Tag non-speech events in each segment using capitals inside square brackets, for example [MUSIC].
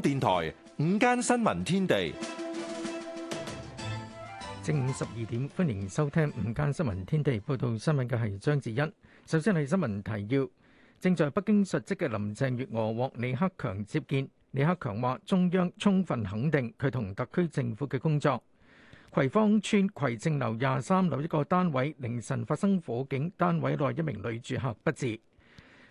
電台午間新聞天地，正午十二點，歡迎收聽午間新聞天地。報道新聞嘅係張智恩。首先係新聞提要：正在北京述職嘅林鄭月娥獲李克強接見。李克強話，中央充分肯定佢同特區政府嘅工作。葵芳村葵正樓廿三樓一個單位凌晨發生火警，單位內一名女住客不治。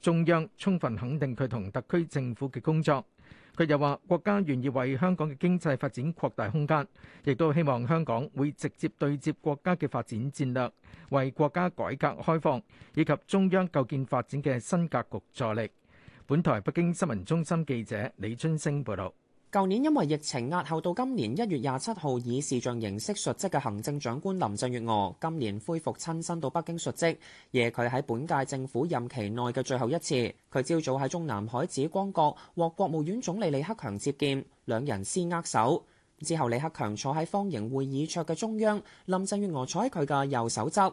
中央充分肯定佢同特區政府嘅工作。佢又話，國家願意為香港嘅經濟發展擴大空間，亦都希望香港會直接對接國家嘅發展戰略，為國家改革開放以及中央構建發展嘅新格局助力。本台北京新聞中心記者李春升報道。舊年因為疫情壓後，到今年一月廿七號以視像形式述職嘅行政長官林鄭月娥，今年恢復親身到北京述職，係佢喺本屆政府任期內嘅最後一次。佢朝早喺中南海紫光閣獲國務院總理李克強接見，兩人先握手，之後李克強坐喺方形會議桌嘅中央，林鄭月娥坐喺佢嘅右手側。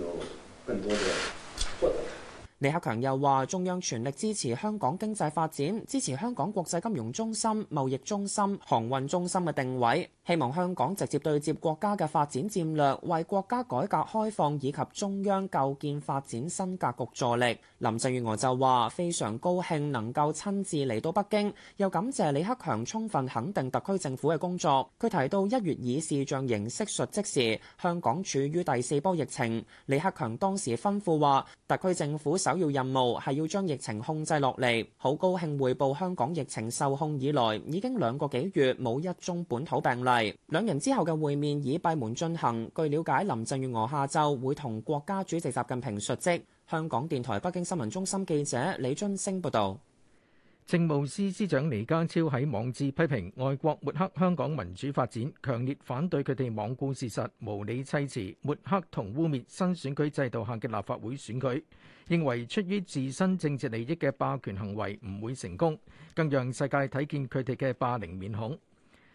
有更多的獲得。李克強又話：中央全力支持香港經濟發展，支持香港國際金融中心、貿易中心、航運中心嘅定位，希望香港直接對接國家嘅發展戰略，為國家改革開放以及中央構建發展新格局助力。林鄭月娥就話：非常高興能夠親自嚟到北京，又感謝李克強充分肯定特區政府嘅工作。佢提到一月以視像形式述職時，香港處於第四波疫情，李克強當時吩咐話：特區政府。首要任務係要將疫情控制落嚟。好高興匯報香港疫情受控以來，已經兩個幾月冇一宗本土病例。兩人之後嘅會面已閉門進行。據了解，林鄭月娥下晝會同國家主席習近平述職。香港電台北京新聞中心記者李津星報道。政務司司長李家超喺網誌批評外國抹黑香港民主發展，強烈反對佢哋罔顧事實、無理砌詞、抹黑同污衊新選舉制度下嘅立法會選舉，認為出於自身政治利益嘅霸權行為唔會成功，更讓世界睇見佢哋嘅霸凌面孔。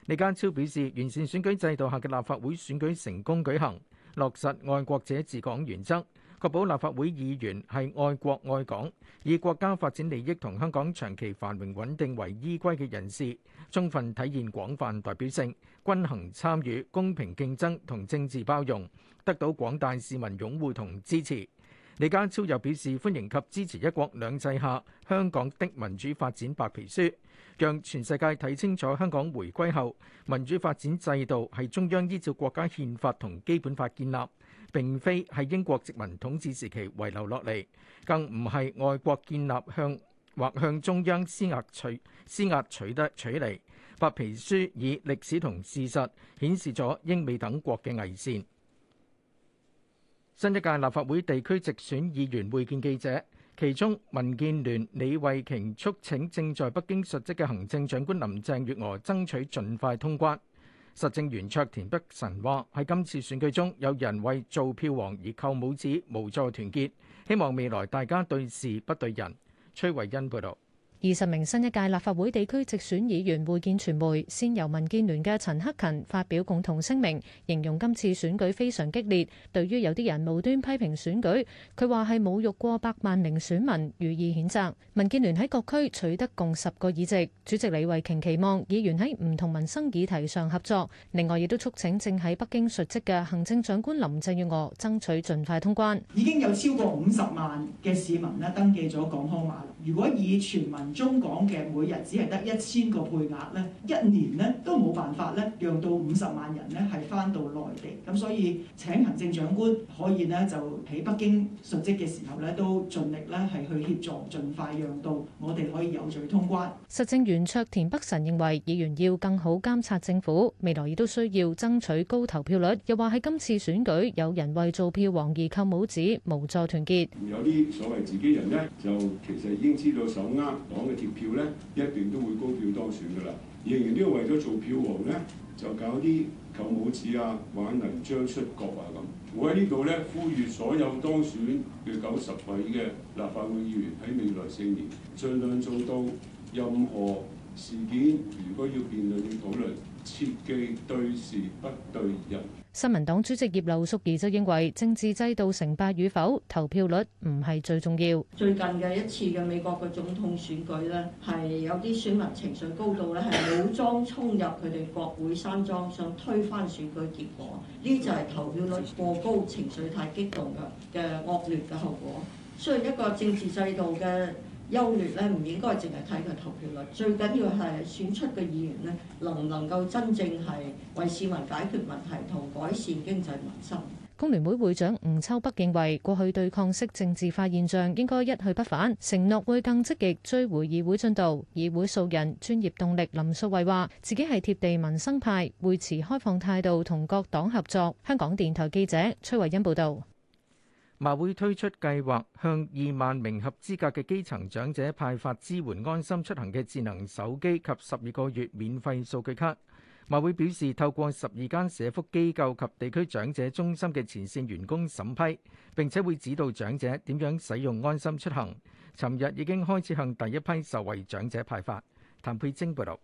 李家超表示，完善選舉制度下嘅立法會選舉成功舉行，落實愛國者治港原則。確保立法會議員係愛國愛港、以國家發展利益同香港長期繁榮穩定為依歸嘅人士，充分體現廣泛代表性、均衡參與、公平競爭同政治包容，得到廣大市民擁護同支持。李家超又表示歡迎及支持一國兩制下香港的民主發展白皮書，讓全世界睇清楚香港回歸後民主發展制度係中央依照國家憲法同基本法建立。並非係英國殖民統治時期遺留落嚟，更唔係外國建立向或向中央施壓取施壓取得取利。白皮書以歷史同事實顯示咗英美等國嘅危線。新一屆立法會地區直選議員會見記者，其中民建聯李慧瓊促請正在北京述職嘅行政長官林鄭月娥爭取盡快通關。實政圓桌田北辰話：喺今次選舉中，有人為做票王而扣帽子，無助團結。希望未來大家對事不對人。崔慧恩報道。二十名新一屆立法會地區直選議員會見傳媒，先由民建聯嘅陳克勤發表共同聲明，形容今次選舉非常激烈。對於有啲人無端批評選舉，佢話係侮辱過百萬名選民，予以譴責。民建聯喺各區取得共十個議席。主席李慧瓊期望議員喺唔同民生議題上合作。另外亦都促請正喺北京述職嘅行政長官林鄭月娥爭取盡快通關。已經有超過五十萬嘅市民呢，登記咗港康碼，如果以全民中港嘅每日只係得一千個配額咧，一年呢都冇辦法咧，讓到五十萬人咧係翻到內地。咁所以請行政長官可以呢就喺北京述職嘅時候咧，都盡力咧係去協助，盡快讓到我哋可以有序通關。實政圓桌田北辰認為議員要更好監察政府，未來亦都需要爭取高投票率。又話喺今次選舉有人為做票王而扣帽子，無助團結。有啲所謂自己人呢就其實已經知道手握。嘅貼票咧，一定都會高票當選㗎啦。仍然都係為咗做票王咧，就搞啲舊帽子啊，玩能章出國啊咁。我喺呢度咧，呼籲所有當選嘅九十位嘅立法會議員喺未來四年，盡量做到任何事件，如果要辯論要討論，切記對事不對人。新民黨主席葉劉淑儀就認為，政治制度成敗與否，投票率唔係最重要。最近嘅一次嘅美國嘅總統選舉咧，係有啲選民情緒高度，咧，係武裝衝入佢哋國會山莊，想推翻選舉結果，呢就係投票率過高，情緒太激動嘅嘅惡劣嘅後果。雖然一個政治制度嘅。優劣咧，唔應該淨係睇佢投票率，最緊要係選出嘅議員呢，能唔能夠真正係為市民解決問題同改善經濟民生？工聯會會長吳秋北認為，過去對抗式政治化現象應該一去不返，承諾會更積極追回議會進度。議會素人專業動力林素慧話：自己係貼地民生派，會持開放態度同各黨合作。香港電台記者崔慧欣報道。馬會推出計劃，向二萬名合資格嘅基層長者派發支援安心出行嘅智能手機及十二個月免費數據卡。馬會表示，透過十二間社福機構及地區長者中心嘅前線員工審批，並且會指導長者點樣使用安心出行。尋日已經開始向第一批受惠長者派發。譚佩晶報道。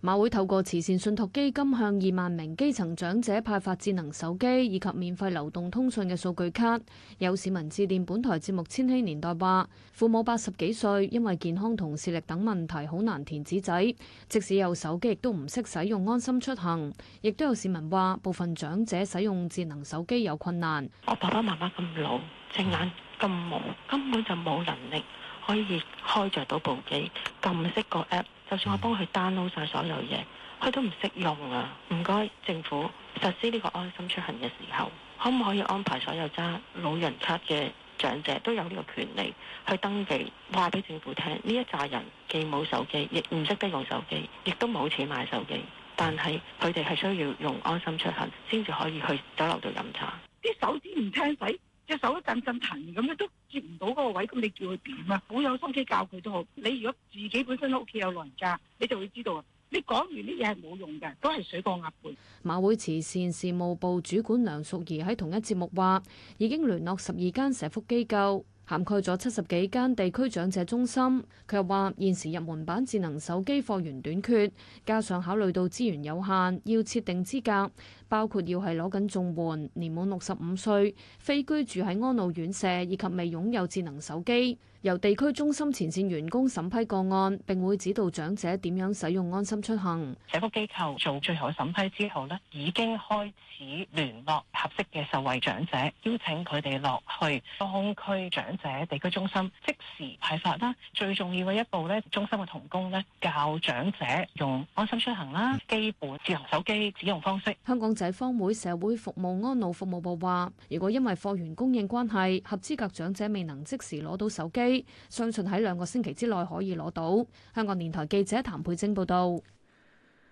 馬會透過慈善信託基金向二萬名基層長者派發智能手機以及免費流動通訊嘅數據卡。有市民致電本台節目《千禧年代》話，父母八十幾歲，因為健康同視力等問題，好難填紙仔。即使有手機，亦都唔識使用，安心出行。亦都有市民話，部分長者使用智能手機有困難。我爸爸媽媽咁老，隻眼咁朦，根本就冇能力可以開着到部機，咁識個 app。就算我幫佢 download 晒所有嘢，佢都唔識用啊！唔 [NOISE] 該樂，政府實施呢個安心出行嘅時候，可唔可以安排所有揸老人卡嘅長者都有呢個權利去登記，話俾政府聽，呢一撮人既冇手機，亦唔識使用手機，亦都冇錢買手機，但係佢哋係需要用安心出行先至可以去酒樓度飲茶。啲手指唔聽使。隻手都震震疼咁樣都接唔到嗰個位，咁你叫佢點啊？好有心機教佢都好。你如果自己本身屋企有老人家，你就會知道啊。你講完啲嘢係冇用嘅，都係水過鴨背。馬會慈善事務部主管梁淑儀喺同一節目話：已經聯絡十二間社福機構。涵蓋咗七十幾間地區長者中心，佢又話現時入門版智能手機貨源短缺，加上考慮到資源有限，要設定資格，包括要係攞緊綜援、年滿六十五歲、非居住喺安老院舍以及未擁有智能手機。由地區中心前線員工審批個案，並會指導長者點樣使用安心出行。社福機構做最後審批之後呢，已經開始聯絡合適嘅受惠長者，邀請佢哋落去當區長者地區中心即時派發啦。最重要嘅一步呢，中心嘅同工呢教長者用安心出行啦，基本智能手機使用方式。香港仔坊會社會服務安老服務部話：如果因為貨源供應關係，合資格長者未能即時攞到手機，相信喺兩個星期之內可以攞到。香港電台記者譚佩晶報道，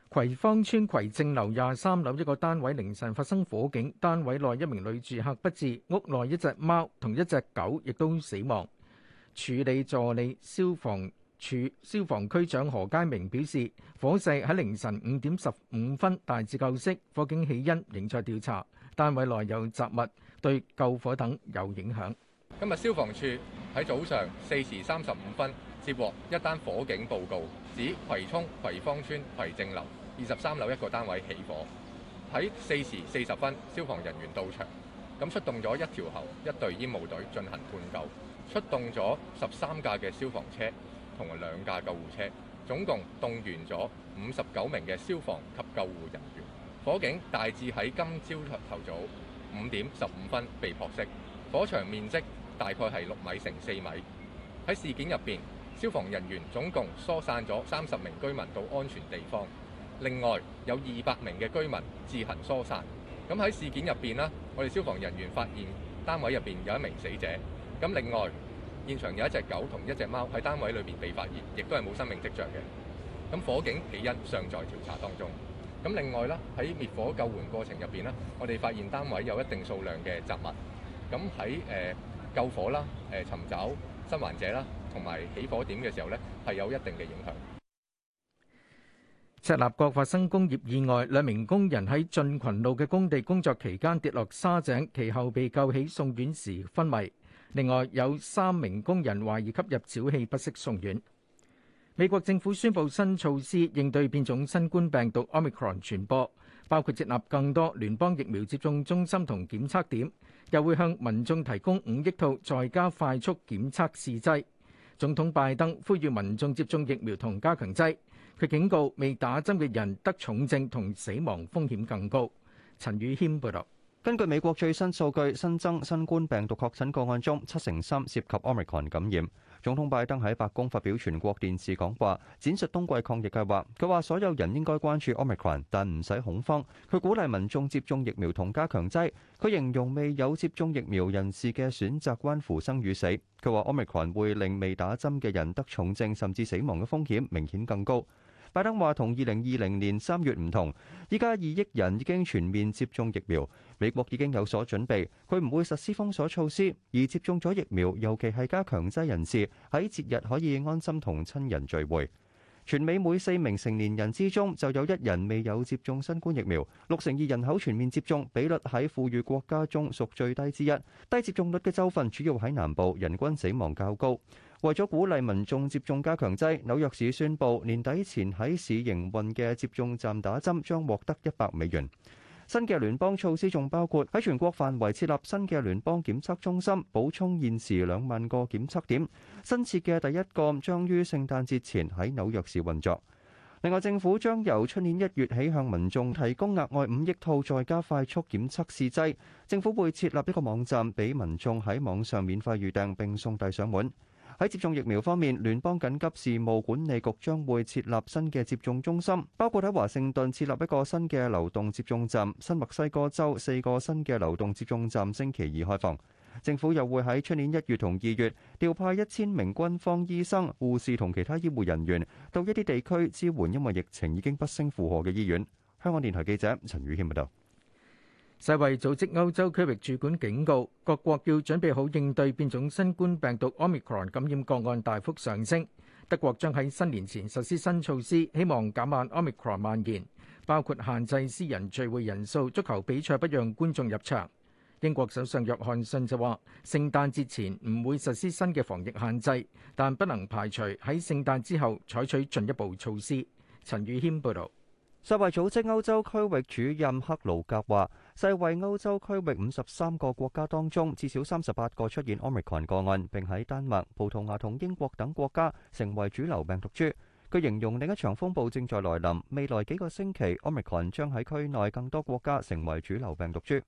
葵芳村葵正樓廿三樓一個單位凌晨發生火警，單位內一名女住客不治，屋內一隻貓同一隻狗亦都死亡。處理助理消防處消防區，消防區長何佳明表示，火勢喺凌晨五點十五分大致救熄，火警起因仍在調查。單位內有雜物，對救火等有影響。今日消防處。喺早上四時三十五分接獲一單火警報告指，指葵涌葵芳村葵正樓二十三樓一個單位起火。喺四時四十分，消防人員到場，咁出動咗一條喉一隊煙霧隊進行灌救，出動咗十三架嘅消防車同埋兩架救護車，總共動員咗五十九名嘅消防及救護人員。火警大致喺今朝頭早五點十五分被撲熄，火場面積，大概係六米乘四米。喺事件入邊，消防人員總共疏散咗三十名居民到安全地方。另外有二百名嘅居民自行疏散。咁喺事件入邊啦，我哋消防人員發現單位入邊有一名死者。咁另外現場有一隻狗同一隻貓喺單位裏邊被發現，亦都係冇生命跡象嘅。咁火警起因尚在調查當中。咁另外啦，喺滅火救援過程入邊啦，我哋發現單位有一定數量嘅雜物。咁喺誒。救火啦！誒，尋找生還者啦，同埋起火點嘅時候咧，係有一定嘅影響。赤鱲角發生工業意外，兩名工人喺進群路嘅工地工作期間跌落沙井，其後被救起送院時昏迷。另外有三名工人懷疑吸入沼氣，不適送院。美國政府宣布新措施應對變種新冠病毒 Omicron 傳播，包括設立更多聯邦疫苗接種中心同檢測點。又會向民眾提供五億套在家快速檢測試劑。總統拜登呼籲民眾接種疫苗同加強劑，佢警告未打針嘅人得重症同死亡風險更高。陳宇謙報道。根據美國最新數據，新增新冠病毒確診個案中，七成三涉及 Omicron 感染。總統拜登喺白宮發表全國電視講話，展述冬季抗疫計劃。佢話：所有人應該關注 Omicron，但唔使恐慌。佢鼓勵民眾接種疫苗同加強劑。佢形容未有接種疫苗人士嘅選擇關乎生與死。佢話：Omicron 會令未打針嘅人得重症甚至死亡嘅風險明顯更高。拜登話：同二零二零年三月唔同，依家二億人已經全面接種疫苗，美國已經有所準備。佢唔會實施封鎖措施，而接種咗疫苗，尤其係加強劑人士，喺節日可以安心同親人聚會。全美每四名成年人之中就有一人未有接種新冠疫苗，六成二人口全面接種，比率喺富裕國家中屬最低之一。低接種率嘅州份主要喺南部，人均死亡較高。為咗鼓勵民眾接種加強劑，紐約市宣布年底前喺市營運嘅接種站打針將獲得一百美元。新嘅聯邦措施仲包括喺全國範圍設立新嘅聯邦檢測中心，補充現時兩萬個檢測點。新設嘅第一個將於聖誕節前喺紐約市運作。另外，政府將由出年一月起向民眾提供額外五億套再加快速檢測試劑。政府會設立一個網站，俾民眾喺網上免費預訂並送遞上門。喺接種疫苗方面，聯邦緊急事務管理局將會設立新嘅接種中心，包括喺華盛頓設立一個新嘅流動接種站。新墨西哥州四個新嘅流動接種站星期二開放。政府又會喺出年一月同二月調派一千名軍方醫生、護士同其他醫護人員到一啲地區支援，因為疫情已經不勝負荷嘅醫院。香港電台記者陳宇謙報道。世衛組織歐洲區域主管警告，各國要準備好應對變種新冠病毒 Omicron 感染個案大幅上升。德國將喺新年前實施新措施，希望減慢 Omicron 蔓延，包括限制私人聚會人數、足球比賽不讓觀眾入場。英國首相約翰遜就話：聖誕節前唔會實施新嘅防疫限制，但不能排除喺聖誕之後採取進一步措施。陳宇軒報導。世衛組織歐洲區域主任克魯格話，世衛歐洲區域五十三個國家當中，至少三十八個出現 omicron 個案，並喺丹麥、葡萄牙同英國等國家成為主流病毒株。佢形容另一場風暴正在來臨，未來幾個星期 omicron 將喺區內更多國家成為主流病毒株，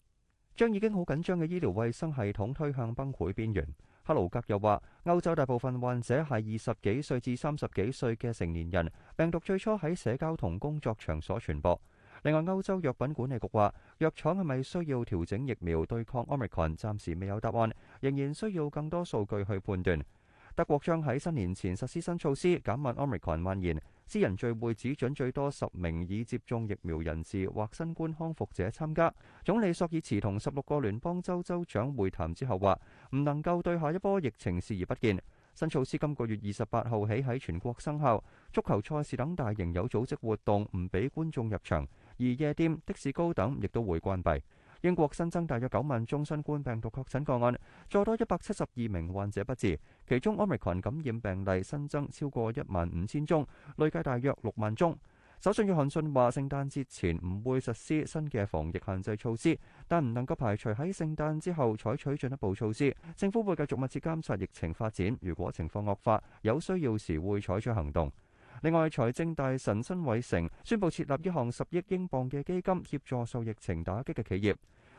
將已經好緊張嘅醫療衛生系統推向崩潰邊緣。克魯格又話：歐洲大部分患者係二十幾歲至三十幾歲嘅成年人，病毒最初喺社交同工作場所傳播。另外，歐洲藥品管理局話，藥廠係咪需要調整疫苗對抗 Omicron，暫時未有答案，仍然需要更多數據去判斷。德國將喺新年前實施新措施減，減慢 Omicron 蔓延。私人聚會只准最多十名已接種疫苗人士或新冠康復者參加。總理索爾茨同十六個聯邦州州長會談之後話，唔能夠對下一波疫情視而不見。新措施今個月二十八號起喺全國生效。足球賽事等大型有組織活動唔俾觀眾入場，而夜店、的士高等亦都會關閉。英國新增大約九萬宗新冠病毒確診個案，再多一百七十二名患者不治，其中 Omicron 感染病例新增超過一萬五千宗，累計大約六萬宗。首相約翰遜話，聖誕節前唔會實施新嘅防疫限制措施，但唔能夠排除喺聖誕之後採取進一步措施。政府會繼續密切監察疫情發展，如果情況惡化，有需要時會採取行動。另外，財政大臣辛偉誠宣布設立一項十億英鎊嘅基金，協助受疫情打擊嘅企業。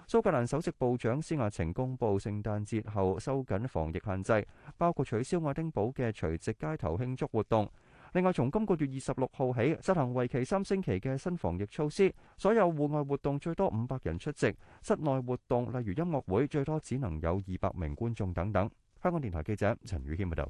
蘇格蘭首席部長施雅晴公布，聖誕節後收緊防疫限制，包括取消愛丁堡嘅除夕街頭慶祝活動。另外，從今個月二十六號起，實行為期三星期嘅新防疫措施，所有戶外活動最多五百人出席，室內活動例如音樂會最多只能有二百名觀眾等等。香港電台記者陳宇軒報道。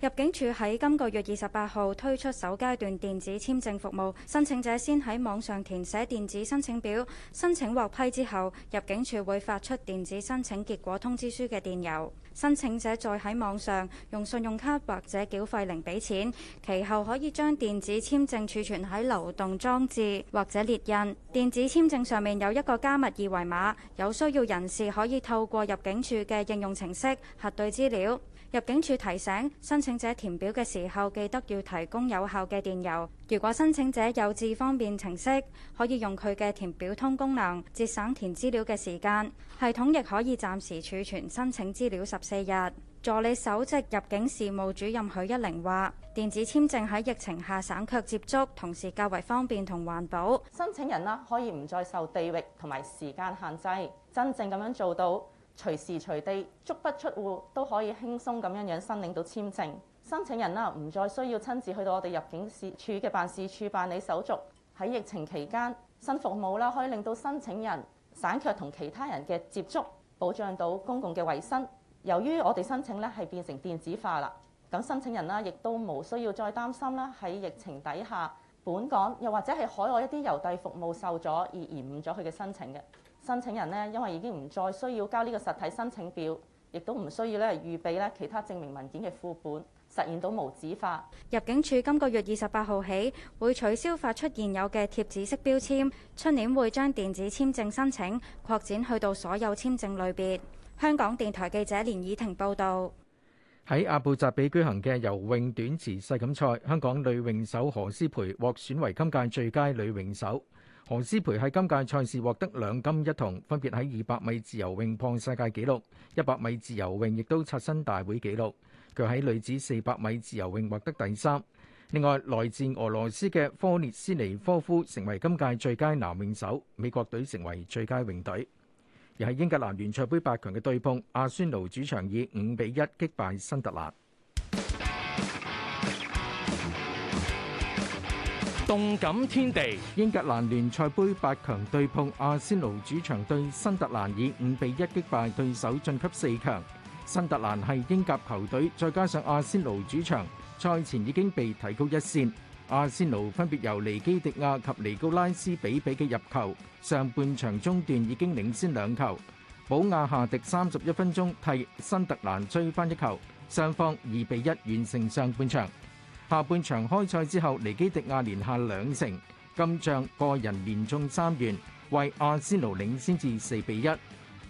入境處喺今個月二十八號推出首階段電子簽證服務，申請者先喺網上填寫電子申請表，申請獲批之後，入境處會發出電子申請結果通知書嘅電郵，申請者再喺網上用信用卡或者繳費靈俾錢，其後可以將電子簽證儲存喺流動裝置或者列印。電子簽證上面有一個加密二維碼，有需要人士可以透過入境處嘅應用程式核對資料。入境處提醒申請者填表嘅時候，記得要提供有效嘅電郵。如果申請者有智方便程式，可以用佢嘅填表通功能，節省填資料嘅時間。系統亦可以暫時儲存申請資料十四日。助理首席入境事務主任許一玲話：電子簽證喺疫情下省卻接觸，同時較為方便同環保。申請人啦，可以唔再受地域同埋時間限制，真正咁樣做到。隨時隨地足不出戶都可以輕鬆咁樣樣申領到簽證。申請人啦唔再需要親自去到我哋入境事處嘅辦事處辦理手續。喺疫情期間，新服務啦可以令到申請人省卻同其他人嘅接觸，保障到公共嘅衞生。由於我哋申請咧係變成電子化啦，咁申請人啦亦都冇需要再擔心啦喺疫情底下，本港又或者係海外一啲郵遞服務受阻而延誤咗佢嘅申請嘅。申請人呢，因為已經唔再需要交呢個實體申請表，亦都唔需要咧預備咧其他證明文件嘅副本，實現到無紙化。入境處今個月二十八號起會取消發出現有嘅貼紙式標籤，出年會將電子簽證申請擴展去到所有簽證類別。香港電台記者連以婷報道。喺阿布扎比舉行嘅游泳短池世錦賽，香港女泳手何詩蓓獲選為今屆最佳女泳手。何思蓓喺今屆賽事獲得兩金一銅，分別喺二百米自由泳破世界紀錄，一百米自由泳亦都刷新大會紀錄。佢喺女子四百米自由泳獲得第三。另外，來自俄羅斯嘅科列斯尼科夫成為今屆最佳男泳手，美國隊成為最佳泳隊。而喺英格蘭聯賽盃八強嘅對碰，阿仙奴主場以五比一擊敗新特蘭。動感天地，英格蘭聯賽盃八強對碰，阿仙奴主場對新特蘭以五比一擊敗對手，晉級四強。新特蘭係英甲球隊，再加上阿仙奴主場，賽前已經被提高一線。阿仙奴分別由尼基迪亞及尼高拉斯比比嘅入球，上半場中段已經領先兩球。保亞下迪三十一分鐘替新特蘭追翻一球，雙方二比一完成上半場。下半場開賽之後，尼基迪亞連下兩城，今仗個人連中三元，為阿仙奴領先至四比一。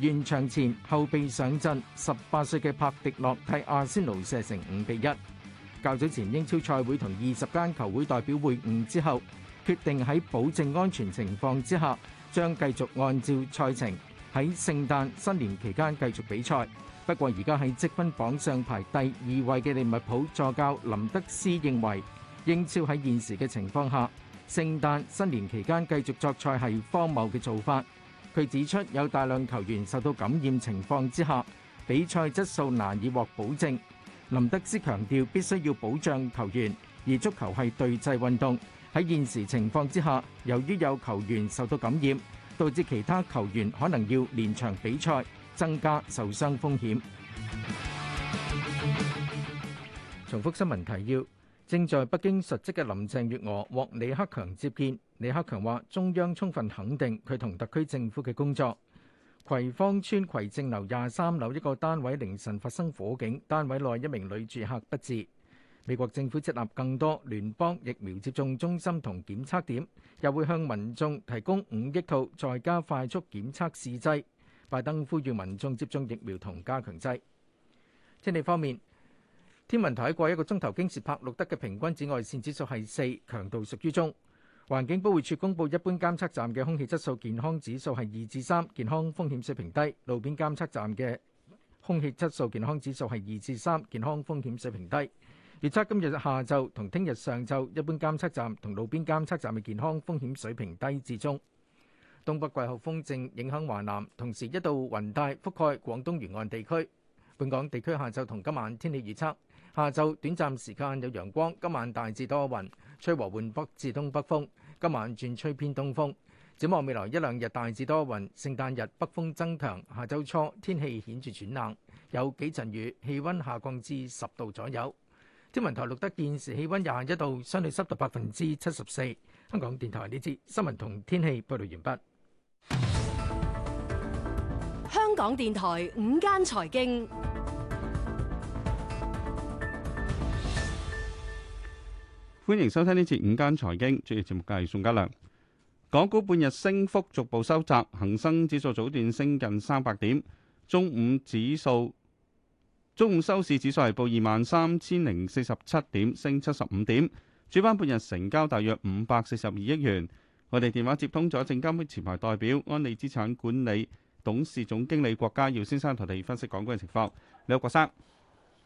完場前後備上陣，十八歲嘅帕迪諾替阿仙奴射成五比一。較早前英超賽會同二十間球會代表會晤之後，決定喺保證安全情況之下，將繼續按照賽程喺聖誕新年期間繼續比賽。不過而家喺積分榜上排第二位嘅利物浦助教林德斯認為，英超喺現時嘅情況下，聖誕新年期間繼續作賽係荒謬嘅做法。佢指出，有大量球員受到感染情況之下，比賽質素難以獲保證。林德斯強調，必須要保障球員，而足球係對制運動。喺現時情況之下，由於有球員受到感染，導致其他球員可能要連場比賽。增加受傷風險。重複新聞提要：正在北京述職嘅林鄭月娥獲李克強接見。李克強話：中央充分肯定佢同特區政府嘅工作。葵芳村葵正樓廿三樓一個單位凌晨發生火警，單位內一名女住客不治。美國政府設立更多聯邦疫苗接種中心同檢測點，又會向民眾提供五億套在家快速檢測試劑。拜登呼籲民眾接種疫苗同加強劑。天氣方面，天文台喺過一個鐘頭京士柏錄得嘅平均紫外線指數係四，強度屬於中。環境保護署公布一般監測站嘅空氣質素健康指數係二至三，健康風險水平低。路邊監測站嘅空氣質素健康指數係二至三，健康風險水平低。預測今日下晝同聽日上晝，一般監測站同路邊監測站嘅健康風險水平低至中。東北季候風正影響華南，同時一道雲帶覆蓋廣東沿岸地區。本港地區下晝同今晚天氣預測：下晝短暫時間有陽光，今晚大致多雲，吹和緩北至東北風。今晚轉吹偏東風。展望未來一兩日大致多雲，聖誕日北風增強，下週初天氣顯著轉冷，有幾陣雨，氣温下降至十度左右。天文台錄得現時氣温廿一度，相對濕度百分之七十四。香港電台呢節新聞同天氣報道完畢。港電台午間財經，歡迎收聽呢次午間財經。主要節目嘅係宋嘉良。港股半日升幅逐步收窄，恒生指數早段升近三百點，中午指數中午收市指數係報二萬三千零四十七點，升七十五點。主板半日成交大約五百四十二億元。我哋電話接通咗證監會前排代表安利資產管理。董事總經理郭家耀先生同你分析講嘅情況，你好，郭生，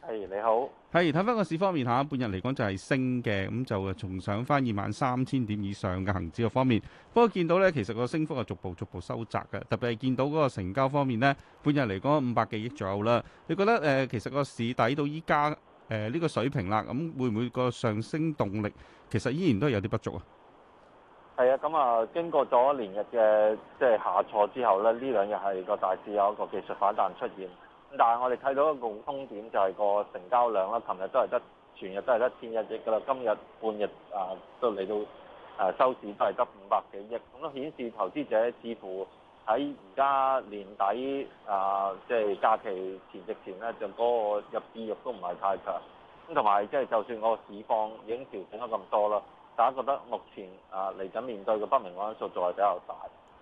係你好，係睇翻個市方面吓，半日嚟講就係升嘅，咁就重上翻二萬三千點以上嘅恆指嘅方面，不過見到呢，其實個升幅係逐步逐步收窄嘅，特別係見到嗰個成交方面呢，半日嚟講五百幾億左右啦。你覺得誒，其實個市底到依家誒呢個水平啦，咁會唔會個上升動力其實依然都係有啲不足啊？係啊，咁啊、嗯，經過咗連日嘅即係下挫之後咧，呢兩日係個大市有一個技術反彈出現。但係我哋睇到一個共通點就係個成交量啦，琴日都係得全日都係得千一億噶啦，今日半日啊都嚟到啊收市都係得五百幾億，咁都顯示投資者似乎喺而家年底啊即係、就是、假期前夕前咧，就嗰個入市欲都唔係太強。咁同埋即係就算個市況已經調整咗咁多啦。大家覺得目前啊嚟緊面對嘅不明因素仲係比較大，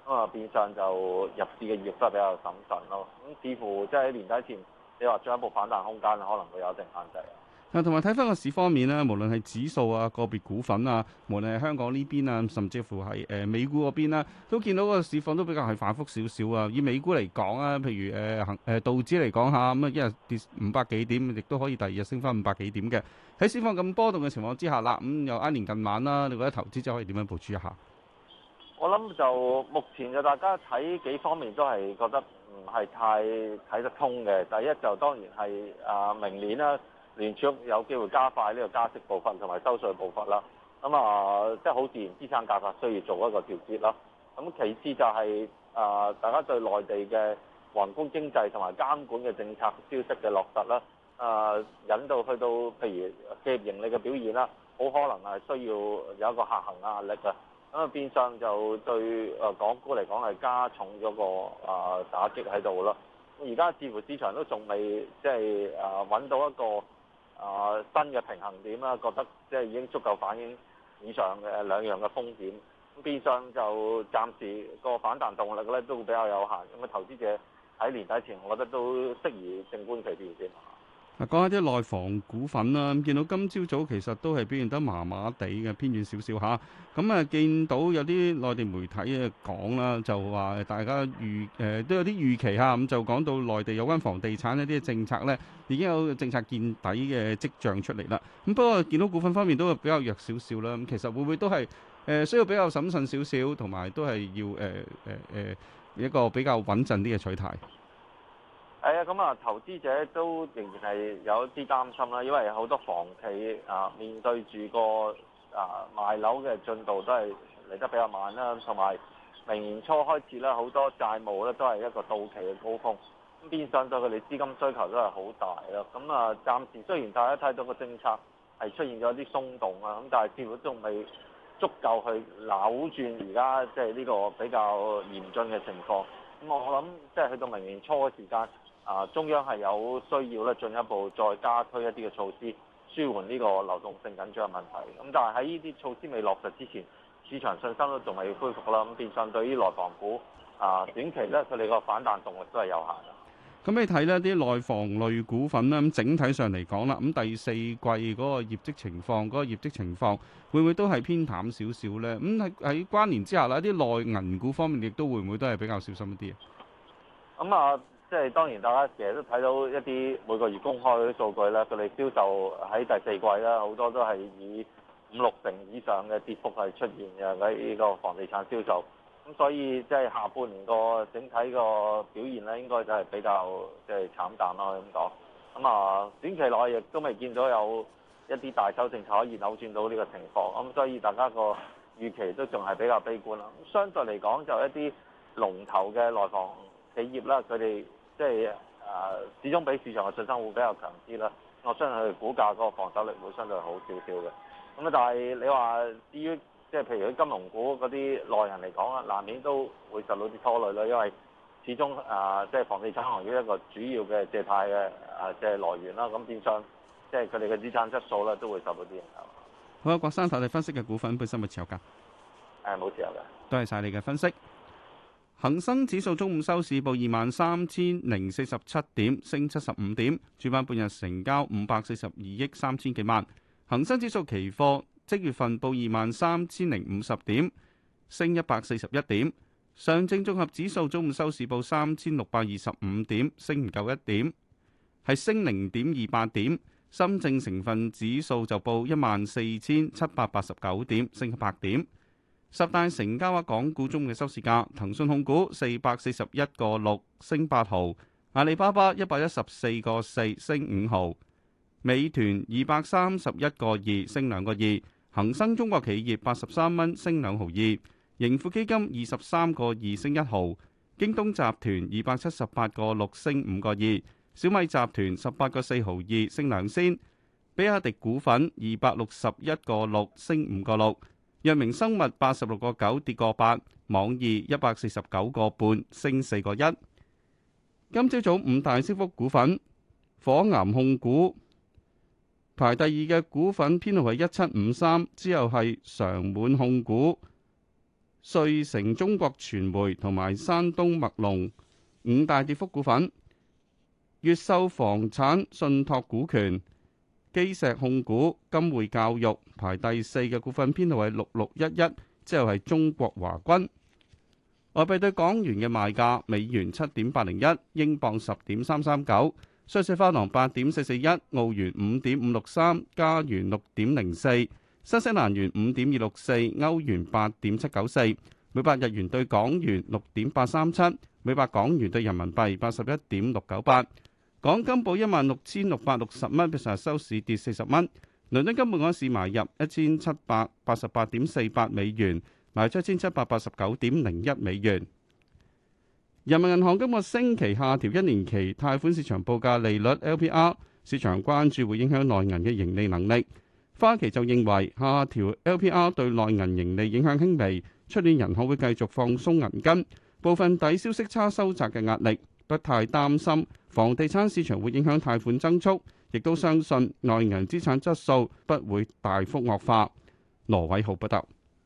咁啊變相就入市嘅業都係比較審慎咯。咁、啊、似乎即係喺年底前，你話進一步反彈空間，可能會有一定限制。同埋睇翻個市方面咧，無論係指數啊、個別股份啊，無論係香港呢邊啊，甚至乎係誒美股嗰邊啦，都見到個市況都比較係反覆少少啊。以美股嚟講啊，譬如誒行誒道指嚟講吓，咁啊一日跌五百幾點，亦都可以第二日升翻五百幾點嘅。喺市況咁波動嘅情況之下啦，咁、嗯、又一年近晚啦，你覺得投資者可以點樣部署一下？我諗就目前就大家睇幾方面都係覺得唔係太睇得通嘅。第一就當然係啊，明年啦。聯儲有機會加快呢個加息步伐同埋收稅步伐啦，咁啊、呃、即係好自然資產價格需要做一個調節啦。咁其次就係、是、啊、呃，大家對內地嘅宏觀經濟同埋監管嘅政策消息嘅落實啦，啊、呃、引到去到譬如企業盈利嘅表現啦，好可能係需要有一個下行壓力啊。咁啊變相就對啊港股嚟講係加重咗個啊、呃、打擊喺度咯。而、呃、家似乎市場都仲未即係啊揾到一個。啊，新嘅平衡點啦，覺得即係已經足夠反映以上嘅兩樣嘅風險，變相就暫時個反彈動力咧都會比較有限，咁啊投資者喺年底前，我覺得都適宜靜觀其變先。嗱，講下啲內房股份啦，咁見到今朝早，早其實都係表現得麻麻地嘅，偏軟少少吓咁啊，見到有啲內地媒體嘅講啦，就話大家預誒都有啲預期吓，咁、嗯、就講到內地有關房地產呢啲政策咧，已經有政策見底嘅跡象出嚟啦。咁、嗯、不過見到股份方面都比較弱少少啦。咁、嗯、其實會唔會都係誒、呃、需要比較審慎少少，同埋都係要誒誒誒一個比較穩陣啲嘅取態。誒咁啊，投資者都仍然係有一啲擔心啦，因為好多房企啊面對住個啊賣樓嘅進度都係嚟得比較慢啦，同、嗯、埋明年初開始啦，好多債務咧都係一個到期嘅高峰，咁變相對佢哋資金需求都係好大咯。咁、嗯、啊、嗯，暫時雖然大家睇到個政策係出現咗啲鬆動啊，咁、嗯、但係似乎仲未足夠去扭轉而家即係呢個比較嚴峻嘅情況。咁、嗯、我諗即係去到明年初嘅時間。啊！中央係有需要咧，進一步再加推一啲嘅措施，舒緩呢個流動性緊張嘅問題。咁但係喺呢啲措施未落實之前，市場信心都仲係要恢復啦。咁變相對於內房股啊，短期咧佢哋個反彈動力都係有限嘅。咁、嗯、你睇呢啲內房類股份咧，咁、嗯、整體上嚟講啦，咁、嗯、第四季嗰個業績情況，嗰、嗰個業績情況會唔會都係偏淡少少咧？咁喺喺關聯之下啦，啲內銀股方面亦都會唔會都係比較小心一啲？咁、嗯、啊！即係當然，大家成日都睇到一啲每個月公開嗰啲數據啦。佢哋銷售喺第四季啦，好多都係以五六成以上嘅跌幅係出現嘅喺呢個房地產銷售。咁所以即係下半年個整體個表現咧，應該就係比較即係慘淡咯咁講。咁啊，短期內亦都未見到有一啲大修政策可以扭轉到呢個情況。咁所以大家個預期都仲係比較悲觀啦。咁相對嚟講，就一啲龍頭嘅內房企業啦，佢哋。即係誒，始終比市場嘅信心會比較強啲啦。我相信佢股價嗰個防守力會相對好少少嘅。咁啊，但係你話至於即係譬如啲金融股嗰啲內人嚟講啊，難免都會受到啲拖累啦。因為始終誒，即、呃、係房地產行業一個主要嘅借貸嘅誒，即係來源啦。咁變相即係佢哋嘅資產質素咧，都會受到啲影響。好啊，郭生，睇你分析嘅股份本身冇持有噶？誒，冇持有嘅。多謝晒你嘅分析。恒生指數中午收市報二萬三千零四十七點，升七十五點。主板半日成交五百四十二億三千幾萬。恒生指數期貨即月份報二萬三千零五十點，升一百四十一點。上證綜合指數中午收市報三千六百二十五點，升唔夠一點，係升零點二八點。深證成分指數就報一萬四千七百八十九點，升一百點。十大成交額港股中嘅收市價：騰訊控股四百四十一個六升八毫，阿里巴巴一百一十四個四升五毫，美團二百三十一個二升兩個二，恒生中國企業八十三蚊升兩毫二，盈富基金二十三個二升一毫，京東集團二百七十八個六升五個二，小米集團十八個四毫二升兩仙，比亞迪股份二百六十一個六升五個六。藥明生物八十六個九跌個八，網易一百四十九個半升四個一。今朝早，早五大升幅股份，火岩控股排第二嘅股份編號係一七五三，之後係常滿控股、瑞誠中國傳媒同埋山東麥隆。五大跌幅股份，越秀房產信託股權。基石控股、金匯教育排第四嘅股份編號係六六一一，之後係中國華軍。外幣對港元嘅賣價：美元七點八零一，英鎊十點三三九，瑞士法郎八點四四一，澳元五點五六三，加元六點零四，新西蘭元五點二六四，歐元八點七九四，每百日元對港元六點八三七，每百港元對人民幣八十一點六九八。港金報一萬六千六百六十蚊，比上日收市跌四十蚊。倫敦金本港市買入一千七百八十八點四八美元，賣出一千七百八十九點零一美元。人民銀行今個星期下調一年期貸款市場報價利率 （LPR），市場關注會影響內銀嘅盈利能力。花旗就認為下調 LPR 對內銀盈利影響輕微，出年人行會繼續放鬆銀根，部分抵消息差收窄嘅壓力，不太擔心。房地產市場會影響貸款增速，亦都相信內銀資產質素不會大幅惡化。羅偉浩報道：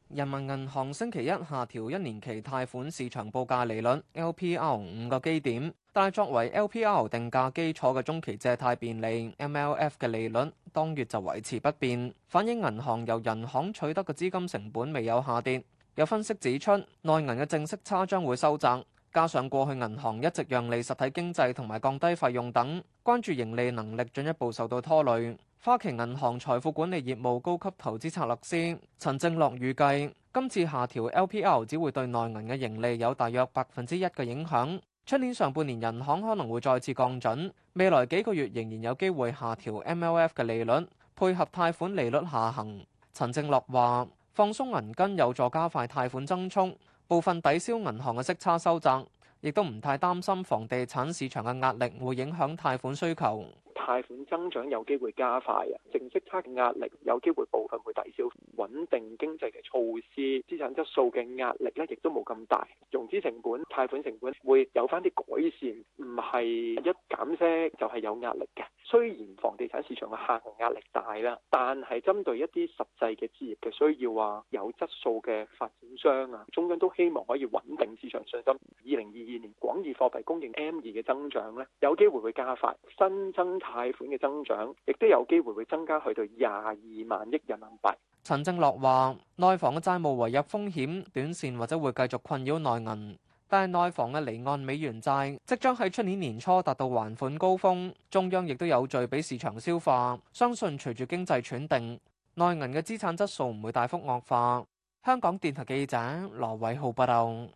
人民銀行星期一下調一年期貸款市場報價利率 LPR 五個基點，但係作為 LPR 定價基礎嘅中期借貸便利 MLF 嘅利率當月就維持不變，反映銀行由人行取得嘅資金成本未有下跌。有分析指出，內銀嘅淨息差將會收窄。加上過去銀行一直讓利實體經濟同埋降低費用等，關注盈利能力進一步受到拖累。花旗銀行財富管理業務高級投資策略師陳正樂預計，今次下調 LPR 只會對內銀嘅盈利有大約百分之一嘅影響。出年上半年人行可能會再次降準，未來幾個月仍然有機會下調 MLF 嘅利率，配合貸款利率下行。陳正樂話：放鬆銀根有助加快貸款增速。部分抵消銀行嘅息差收窄，亦都唔太擔心房地產市場嘅壓力會影響貸款需求。貸款增長有機會加快啊，淨息差嘅壓力有機會部分會抵消，穩定經濟嘅措施、資產質素嘅壓力咧，亦都冇咁大。融資成本、貸款成本會有返啲改善，唔係一減息就係有壓力嘅。雖然房地產市場嘅客戶壓力大啦，但係針對一啲實際嘅置業嘅需要啊，有質素嘅發展商啊，中央都希望可以穩定市場信心。二零二二年廣義貨幣供應 M 二嘅增長咧，有機會會加快新增。貸款嘅增長，亦都有機會會增加去到廿二萬億人民幣。陳正樂話：內房嘅債務違約風險，短線或者會繼續困擾內銀，但係內房嘅離岸美元債，即將喺出年年初達到還款高峰，中央亦都有序俾市場消化。相信隨住經濟喘定，內銀嘅資產質素唔會大幅惡化。香港電台記者羅偉浩報道。